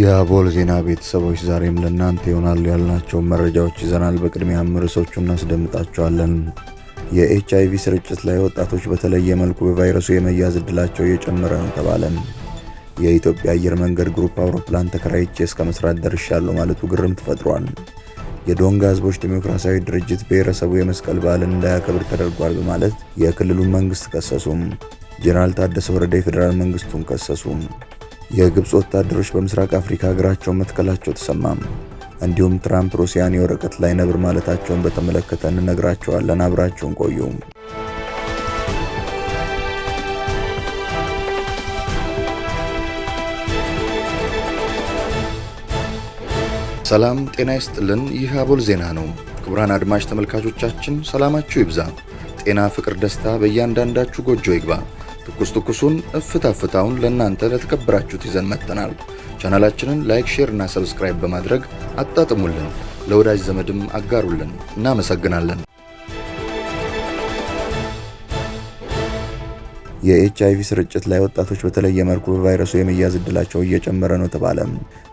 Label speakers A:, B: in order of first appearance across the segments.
A: የአቦል ዜና ቤተሰቦች ዛሬም ለእናንተ ይሆናሉ ያልናቸውን መረጃዎች ይዘናል። በቅድሚያም ርዕሶቹ እናስደምጣቸዋለን። የኤች አይቪ ስርጭት ላይ ወጣቶች በተለየ መልኩ በቫይረሱ የመያዝ እድላቸው እየጨመረ ነው ተባለም። የኢትዮጵያ አየር መንገድ ግሩፕ አውሮፕላን ተከራይቼ እስከ መስራት ደርሻለሁ ማለቱ ግርምት ፈጥሯል። የዶንጋ ህዝቦች ዴሞክራሲያዊ ድርጅት ብሔረሰቡ የመስቀል በዓልን እንዳያከብር ተደርጓል በማለት የክልሉን መንግስት ከሰሱም። ጄኔራል ታደሰ ወረደ የፌዴራል መንግስቱን ከሰሱም። የግብፅ ወታደሮች በምስራቅ አፍሪካ ሀገራቸውን መትከላቸው ተሰማም። እንዲሁም ትራምፕ ሩሲያን የወረቀት ላይ ነብር ማለታቸውን በተመለከተ እንነግራቸዋለን። አብራቸውን ቆዩ።
B: ሰላም ጤና ይስጥልን። ይህ አቦል ዜና ነው። ክቡራን አድማጭ ተመልካቾቻችን ሰላማችሁ ይብዛ፣ ጤና፣ ፍቅር፣ ደስታ በእያንዳንዳችሁ ጎጆ ይግባ። ትኩስ ትኩሱን እፍታ ፍታውን ለእናንተ ለተከበራችሁት ይዘን መጥተናል። ቻናላችንን ላይክ፣ ሼር እና ሰብስክራይብ በማድረግ አጣጥሙልን፣ ለወዳጅ ዘመድም አጋሩልን። እናመሰግናለን።
A: የኤችአይቪ ስርጭት ላይ ወጣቶች በተለየ መልኩ በቫይረሱ የመያዝ እድላቸው እየጨመረ ነው ተባለ።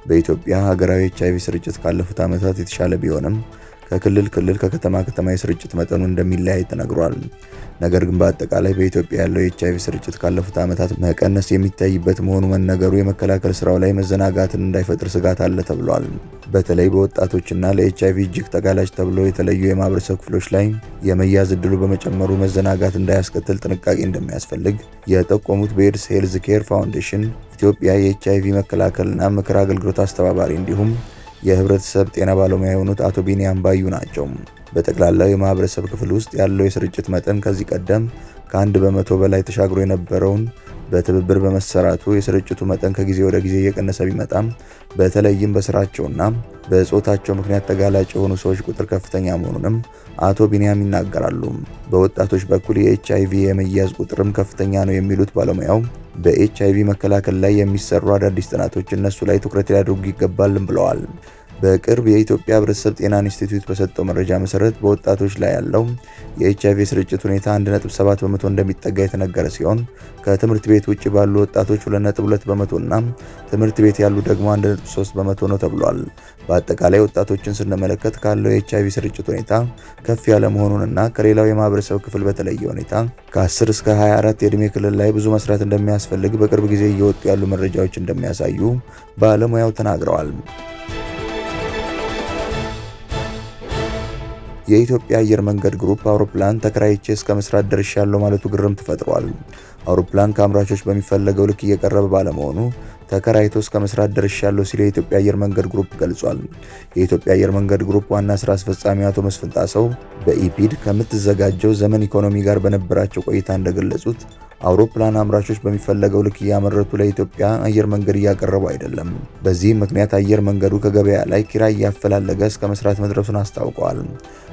A: በኢትዮጵያ ሀገራዊ ኤችአይቪ ስርጭት ካለፉት ዓመታት የተሻለ ቢሆንም ከክልል ክልል ከከተማ ከተማ የስርጭት መጠኑ እንደሚለያይ ተነግሯል። ነገር ግን በአጠቃላይ በኢትዮጵያ ያለው የኤች አይቪ ስርጭት ካለፉት ዓመታት መቀነስ የሚታይበት መሆኑ መነገሩ የመከላከል ስራው ላይ መዘናጋትን እንዳይፈጥር ስጋት አለ ተብሏል። በተለይ በወጣቶችና ለኤች አይቪ እጅግ ተጋላጭ ተብሎ የተለዩ የማህበረሰብ ክፍሎች ላይ የመያዝ እድሉ በመጨመሩ መዘናጋት እንዳያስከትል ጥንቃቄ እንደሚያስፈልግ የጠቆሙት በኤድስ ሄልዝ ኬር ፋውንዴሽን ኢትዮጵያ የኤች አይቪ መከላከልና ምክር አገልግሎት አስተባባሪ እንዲሁም የህብረተሰብ ጤና ባለሙያ የሆኑት አቶ ቢኒያም ባዩ ናቸው። በጠቅላላው የማህበረሰብ ክፍል ውስጥ ያለው የስርጭት መጠን ከዚህ ቀደም ከአንድ በመቶ በላይ ተሻግሮ የነበረውን በትብብር በመሰራቱ የስርጭቱ መጠን ከጊዜ ወደ ጊዜ እየቀነሰ ቢመጣም በተለይም በስራቸውና በጾታቸው ምክንያት ተጋላጭ የሆኑ ሰዎች ቁጥር ከፍተኛ መሆኑንም አቶ ቢንያም ይናገራሉ። በወጣቶች በኩል የኤች አይቪ የመያዝ ቁጥርም ከፍተኛ ነው የሚሉት ባለሙያው በኤች ቪ መከላከል ላይ የሚሰሩ አዳዲስ ጥናቶች እነሱ ላይ ትኩረት ሊያደርጉ ይገባልም ብለዋል። በቅርብ የኢትዮጵያ ህብረተሰብ ጤና ኢንስቲትዩት በሰጠው መረጃ መሰረት በወጣቶች ላይ ያለው የኤች አይቪ ስርጭት ሁኔታ 1.7 በመቶ እንደሚጠጋ የተነገረ ሲሆን ከትምህርት ቤት ውጭ ባሉ ወጣቶች 2.2 በመቶ እና ትምህርት ቤት ያሉ ደግሞ 1.3 በመቶ ነው ተብሏል። በአጠቃላይ ወጣቶችን ስንመለከት ካለው የኤች አይቪ ስርጭት ሁኔታ ከፍ ያለ እና ከሌላው የማህበረሰብ ክፍል በተለየ ሁኔታ ከ10 እስከ 24 የዕድሜ ክልል ላይ ብዙ መስራት እንደሚያስፈልግ በቅርብ ጊዜ እየወጡ ያሉ መረጃዎች እንደሚያሳዩ ባለሙያው ተናግረዋል። የኢትዮጵያ አየር መንገድ ግሩፕ አውሮፕላን ተከራይቼ እስከ መስራት ደርሻለሁ ማለቱ ግርምት ፈጥሯል። አውሮፕላን ከአምራቾች በሚፈለገው ልክ እየቀረበ ባለመሆኑ ተከራይቶ እስከ መስራት ደርሻለሁ ሲል የኢትዮጵያ አየር መንገድ ግሩፕ ገልጿል። የኢትዮጵያ አየር መንገድ ግሩፕ ዋና ስራ አስፈጻሚ አቶ መስፍን ጣሰው በኢፒድ ከምትዘጋጀው ዘመን ኢኮኖሚ ጋር በነበራቸው ቆይታ እንደገለጹት አውሮፕላን አምራቾች በሚፈለገው ልክ እያመረቱ ለኢትዮጵያ አየር መንገድ እያቀረቡ አይደለም። በዚህ ምክንያት አየር መንገዱ ከገበያ ላይ ኪራይ እያፈላለገ እስከ መስራት መድረሱን አስታውቀዋል።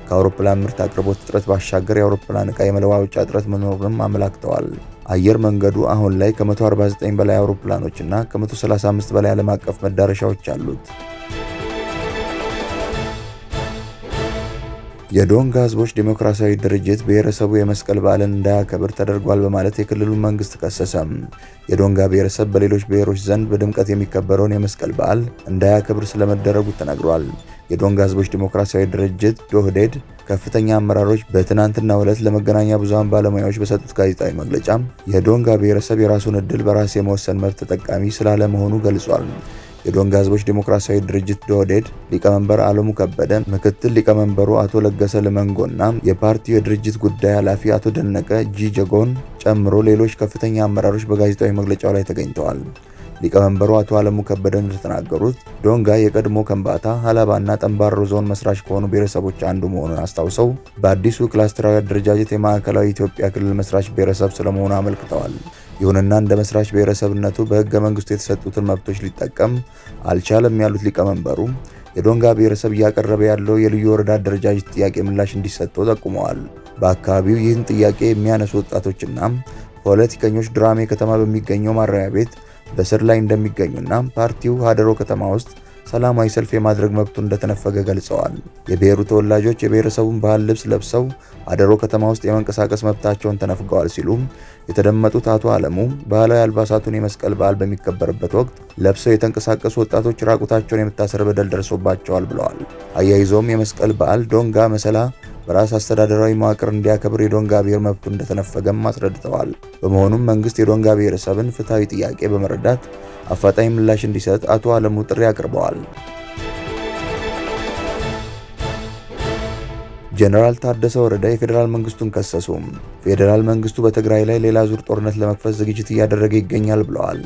A: ከአውሮፕላን ምርት አቅርቦት እጥረት ባሻገር የአውሮፕላን ዕቃ የመለዋወጫ እጥረት መኖሩንም አመላክተዋል። አየር መንገዱ አሁን ላይ ከ149 በላይ አውሮፕላኖች እና ከ135 በላይ ዓለም አቀፍ መዳረሻዎች አሉት። የዶንጋ ህዝቦች ዴሞክራሲያዊ ድርጅት ብሔረሰቡ የመስቀል በዓልን እንዳያከብር ተደርጓል በማለት የክልሉን መንግስት ከሰሰም። የዶንጋ ብሔረሰብ በሌሎች ብሔሮች ዘንድ በድምቀት የሚከበረውን የመስቀል በዓል እንዳያከብር ስለመደረጉ ተነግሯል። የዶንግ ህዝቦች ዲሞክራሲያዊ ድርጅት ዶህዴድ ከፍተኛ አመራሮች በትናንትናው ዕለት ለመገናኛ ብዙሃን ባለሙያዎች በሰጡት ጋዜጣዊ መግለጫ የዶንጋ ብሔረሰብ የራሱን እድል በራስ የመወሰን መብት ተጠቃሚ ስላለመሆኑ ገልጿል። የዶንጋ ህዝቦች ዴሞክራሲያዊ ድርጅት ዶህዴድ ሊቀመንበር አለሙ ከበደ፣ ምክትል ሊቀመንበሩ አቶ ለገሰ ልመንጎና የፓርቲው የድርጅት ጉዳይ ኃላፊ አቶ ደነቀ ጂጀጎን ጨምሮ ሌሎች ከፍተኛ አመራሮች በጋዜጣዊ መግለጫው ላይ ተገኝተዋል። ሊቀመንበሩ አቶ አለሙ ከበደ እንደተናገሩት ዶንጋ የቀድሞ ከንባታ ሀላባና ጠንባሮ ዞን መስራች ከሆኑ ብሔረሰቦች አንዱ መሆኑን አስታውሰው በአዲሱ ክላስተራዊ አደረጃጀት የማዕከላዊ ኢትዮጵያ ክልል መስራች ብሔረሰብ ስለመሆኑ አመልክተዋል። ይሁንና እንደ መስራች ብሔረሰብነቱ በህገ መንግስቱ የተሰጡትን መብቶች ሊጠቀም አልቻለም ያሉት ሊቀመንበሩ የዶንጋ ብሔረሰብ እያቀረበ ያለው የልዩ ወረዳ አደረጃጀት ጥያቄ ምላሽ እንዲሰጠው ጠቁመዋል። በአካባቢው ይህን ጥያቄ የሚያነሱ ወጣቶችና ፖለቲከኞች ድራሜ ከተማ በሚገኘው ማረሚያ ቤት በስር ላይ እንደሚገኙና ፓርቲው ሀደሮ ከተማ ውስጥ ሰላማዊ ሰልፍ የማድረግ መብቱ እንደተነፈገ ገልጸዋል። የብሔሩ ተወላጆች የብሔረሰቡን ባህል ልብስ ለብሰው ሀደሮ ከተማ ውስጥ የመንቀሳቀስ መብታቸውን ተነፍገዋል ሲሉም የተደመጡት አቶ አለሙ ባህላዊ አልባሳቱን የመስቀል በዓል በሚከበርበት ወቅት ለብሰው የተንቀሳቀሱ ወጣቶች ራቁታቸውን የምታሰር በደል ደርሶባቸዋል ብለዋል። አያይዞም የመስቀል በዓል ዶንጋ መሰላ በራስ አስተዳደራዊ መዋቅር እንዲያከብር የዶንጋ ብሔር መብቱ እንደተነፈገም አስረድተዋል። በመሆኑም መንግስት የዶንጋ ብሔረሰብን ፍትሐዊ ጥያቄ በመረዳት አፋጣኝ ምላሽ እንዲሰጥ አቶ አለሙ ጥሪ አቅርበዋል። ጀነራል ታደሰ ወረደ የፌዴራል መንግስቱን ከሰሱ። ፌዴራል መንግስቱ በትግራይ ላይ ሌላ ዙር ጦርነት ለመክፈት ዝግጅት እያደረገ ይገኛል ብለዋል።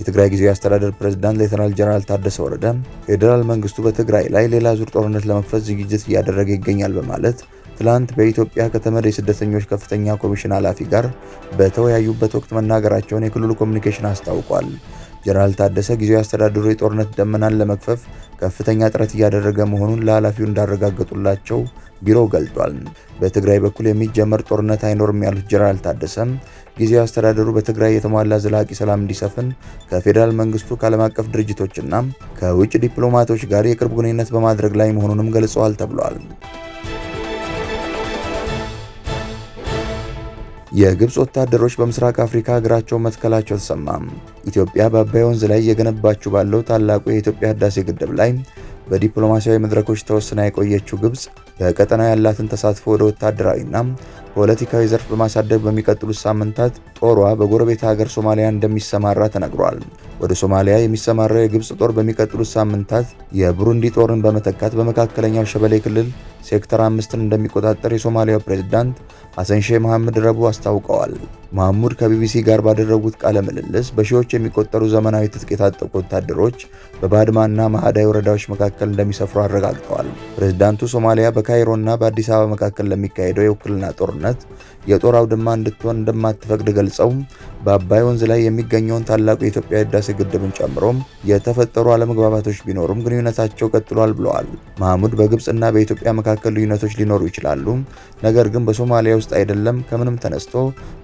A: የትግራይ ጊዜያዊ አስተዳደር ፕሬዝዳንት ሌተናል ጀነራል ታደሰ ወረደ ፌዴራል መንግስቱ በትግራይ ላይ ሌላ ዙር ጦርነት ለመክፈት ዝግጅት እያደረገ ይገኛል በማለት ትላንት በኢትዮጵያ ከተመድ የስደተኞች ከፍተኛ ኮሚሽን ኃላፊ ጋር በተወያዩበት ወቅት መናገራቸውን የክልሉ ኮሚኒኬሽን አስታውቋል። ጀነራል ታደሰ ጊዜያዊ አስተዳደሩ የጦርነት ደመናን ለመክፈፍ ከፍተኛ ጥረት እያደረገ መሆኑን ለኃላፊው እንዳረጋገጡላቸው ቢሮው ገልጧል። በትግራይ በኩል የሚጀመር ጦርነት አይኖርም ያሉት ጀነራል ታደሰም ጊዜያዊ አስተዳደሩ በትግራይ የተሟላ ዘላቂ ሰላም እንዲሰፍን ከፌዴራል መንግስቱ ከዓለም አቀፍ ድርጅቶችና ከውጭ ዲፕሎማቶች ጋር የቅርብ ግንኙነት በማድረግ ላይ መሆኑንም ገልጸዋል ተብሏል። የግብፅ ወታደሮች በምስራቅ አፍሪካ ሀገራቸውን መትከላቸው ተሰማ። ኢትዮጵያ በአባይ ወንዝ ላይ እየገነባችው ባለው ታላቁ የኢትዮጵያ ህዳሴ ግድብ ላይ በዲፕሎማሲያዊ መድረኮች ተወስና የቆየችው ግብፅ በቀጠናው ያላትን ተሳትፎ ወደ ወታደራዊና ፖለቲካዊ ዘርፍ በማሳደግ በሚቀጥሉት ሳምንታት ጦሯ በጎረቤት ሀገር ሶማሊያ እንደሚሰማራ ተነግሯል። ወደ ሶማሊያ የሚሰማራው የግብፅ ጦር በሚቀጥሉት ሳምንታት የብሩንዲ ጦርን በመተካት በመካከለኛው ሸበሌ ክልል ሴክተር አምስትን እንደሚቆጣጠር የሶማሊያው ፕሬዝዳንት ሐሰን ሼህ መሐመድ ረቡ አስታውቀዋል። መሐሙድ ከቢቢሲ ጋር ባደረጉት ቃለ ምልልስ በሺዎች የሚቆጠሩ ዘመናዊ ትጥቅ የታጠቁ ወታደሮች በባድማና ማህዳይ ወረዳዎች መካከል እንደሚሰፍሩ አረጋግጠዋል። ፕሬዝዳንቱ ሶማሊያ በካይሮና በአዲስ አበባ መካከል ለሚካሄደው የውክልና ጦርነት የጦር አውድማ እንድትሆን እንደማትፈቅድ ገልጸው በአባይ ወንዝ ላይ የሚገኘውን ታላቁ የኢትዮጵያ ህዳሴ ግድብን ጨምሮም የተፈጠሩ አለመግባባቶች ቢኖሩም ግንኙነታቸው ቀጥሏል ብለዋል። መሐሙድ በግብፅና በኢትዮጵያ መካከል ልዩነቶች ሊኖሩ ይችላሉ፣ ነገር ግን በሶማሊያ ውስጥ አይደለም። ከምንም ተነስቶ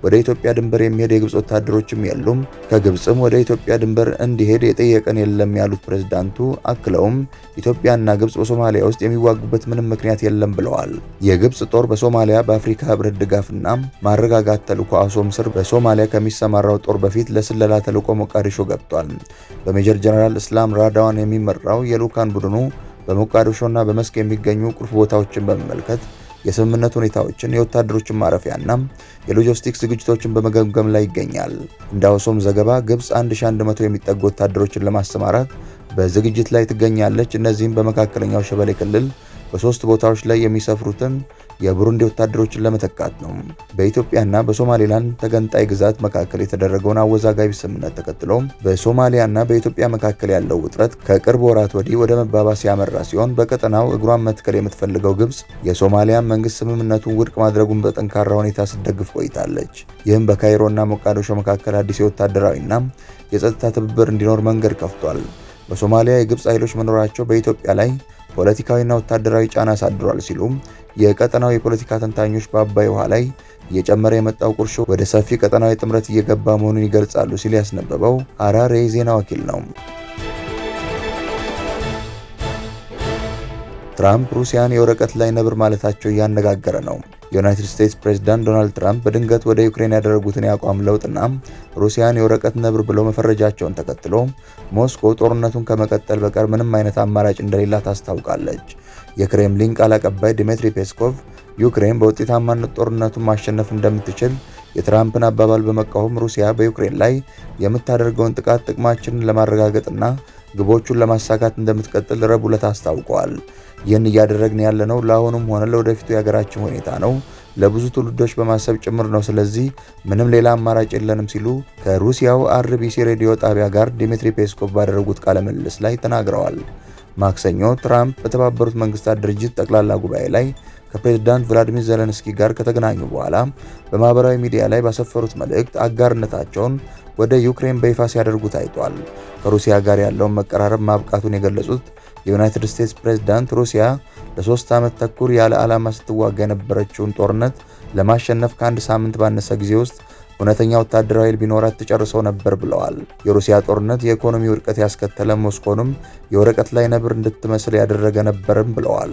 A: ወደ ኢትዮጵያ ድንበር የሚሄድ የግብፅ ወታደሮችም የሉም፣ ከግብፅም ወደ ኢትዮጵያ ድንበር እንዲሄድ የጠየቀን የለም ያሉት ፕሬዝዳንቱ አክለውም ኢትዮጵያና ግብፅ በሶማሊያ ውስጥ የሚዋጉበት ምንም ምክንያት የለም ብለዋል። የግብፅ ጦር በሶማሊያ በአፍሪካ ህብረት ድጋፍና ማረጋጋት ተልዕኮ አሶም ስር በሶማሊያ ከሚሳ ያሰማራው ጦር በፊት ለስለላ ተልዕኮ ሞቃዲሾ ገብቷል። በሜጀር ጀነራል እስላም ራዳዋን የሚመራው የልዑካን ቡድኑ በሞቃዲሾና በመስክ የሚገኙ ቁልፍ ቦታዎችን በመመልከት የስምምነት ሁኔታዎችን የወታደሮችን ማረፊያና የሎጂስቲክስ ዝግጅቶችን በመገምገም ላይ ይገኛል። እንደ አውሶም ዘገባ ግብፅ 1100 የሚጠጉ ወታደሮችን ለማሰማራት በዝግጅት ላይ ትገኛለች። እነዚህም በመካከለኛው ሸበሌ ክልል በሶስት ቦታዎች ላይ የሚሰፍሩትን የቡሩንዲ ወታደሮችን ለመተካት ነው። በኢትዮጵያና በሶማሌላንድ ተገንጣይ ግዛት መካከል የተደረገውን አወዛጋቢ ስምምነት ተከትሎ በሶማሊያና በኢትዮጵያ መካከል ያለው ውጥረት ከቅርብ ወራት ወዲህ ወደ መባባስ ያመራ ሲሆን በቀጠናው እግሯን መትከል የምትፈልገው ግብጽ የሶማሊያን መንግስት ስምምነቱን ውድቅ ማድረጉን በጠንካራ ሁኔታ ስትደግፍ ቆይታለች። ይህም በካይሮና ሞቃዲሾ መካከል አዲስ የወታደራዊና የጸጥታ ትብብር እንዲኖር መንገድ ከፍቷል። በሶማሊያ የግብጽ ኃይሎች መኖራቸው በኢትዮጵያ ላይ ፖለቲካዊና ወታደራዊ ጫና አሳድሯል ሲሉ የቀጠናው የፖለቲካ ተንታኞች በአባይ ውሃ ላይ እየጨመረ የመጣው ቁርሾ ወደ ሰፊ ቀጠናዊ ጥምረት እየገባ መሆኑን ይገልጻሉ ሲል ያስነበበው ሐራሬ ዜና ወኪል ነው። ትራምፕ ሩሲያን የወረቀት ላይ ነብር ማለታቸው እያነጋገረ ነው። የዩናይትድ ስቴትስ ፕሬዝዳንት ዶናልድ ትራምፕ በድንገት ወደ ዩክሬን ያደረጉትን የአቋም ለውጥና ሩሲያን የወረቀት ነብር ብለው መፈረጃቸውን ተከትሎ ሞስኮ ጦርነቱን ከመቀጠል በቀር ምንም አይነት አማራጭ እንደሌላት ታስታውቃለች። የክሬምሊን ቃል አቀባይ ዲሚትሪ ፔስኮቭ ዩክሬን በውጤታማነት ጦርነቱን ማሸነፍ እንደምትችል የትራምፕን አባባል በመቃወም ሩሲያ በዩክሬን ላይ የምታደርገውን ጥቃት ጥቅማችንን ለማረጋገጥና ግቦቹን ለማሳካት እንደምትቀጥል ረቡዕ ዕለት አስታውቀዋል። ይህን እያደረግን ያለነው ለአሁኑም ሆነ ለወደፊቱ የሀገራችን ሁኔታ ነው፣ ለብዙ ትውልዶች በማሰብ ጭምር ነው። ስለዚህ ምንም ሌላ አማራጭ የለንም ሲሉ ከሩሲያው አርቢሲ ሬዲዮ ጣቢያ ጋር ዲሚትሪ ፔስኮቭ ባደረጉት ቃለ ምልልስ ላይ ተናግረዋል። ማክሰኞ ትራምፕ በተባበሩት መንግስታት ድርጅት ጠቅላላ ጉባኤ ላይ ከፕሬዝዳንት ቭላዲሚር ዘለንስኪ ጋር ከተገናኙ በኋላ በማህበራዊ ሚዲያ ላይ ባሰፈሩት መልእክት አጋርነታቸውን ወደ ዩክሬን በይፋ ሲያደርጉ ታይቷል። ከሩሲያ ጋር ያለውን መቀራረብ ማብቃቱን የገለጹት የዩናይትድ ስቴትስ ፕሬዝዳንት ሩሲያ ለሶስት ዓመት ተኩል ያለ ዓላማ ስትዋጋ የነበረችውን ጦርነት ለማሸነፍ ከአንድ ሳምንት ባነሰ ጊዜ ውስጥ እውነተኛ ወታደራዊ ኃይል ቢኖራት ትጨርሰው ነበር ብለዋል። የሩሲያ ጦርነት የኢኮኖሚ ውድቀት ያስከተለ ሞስኮንም የወረቀት ላይ ነብር እንድትመስል ያደረገ ነበርም ብለዋል።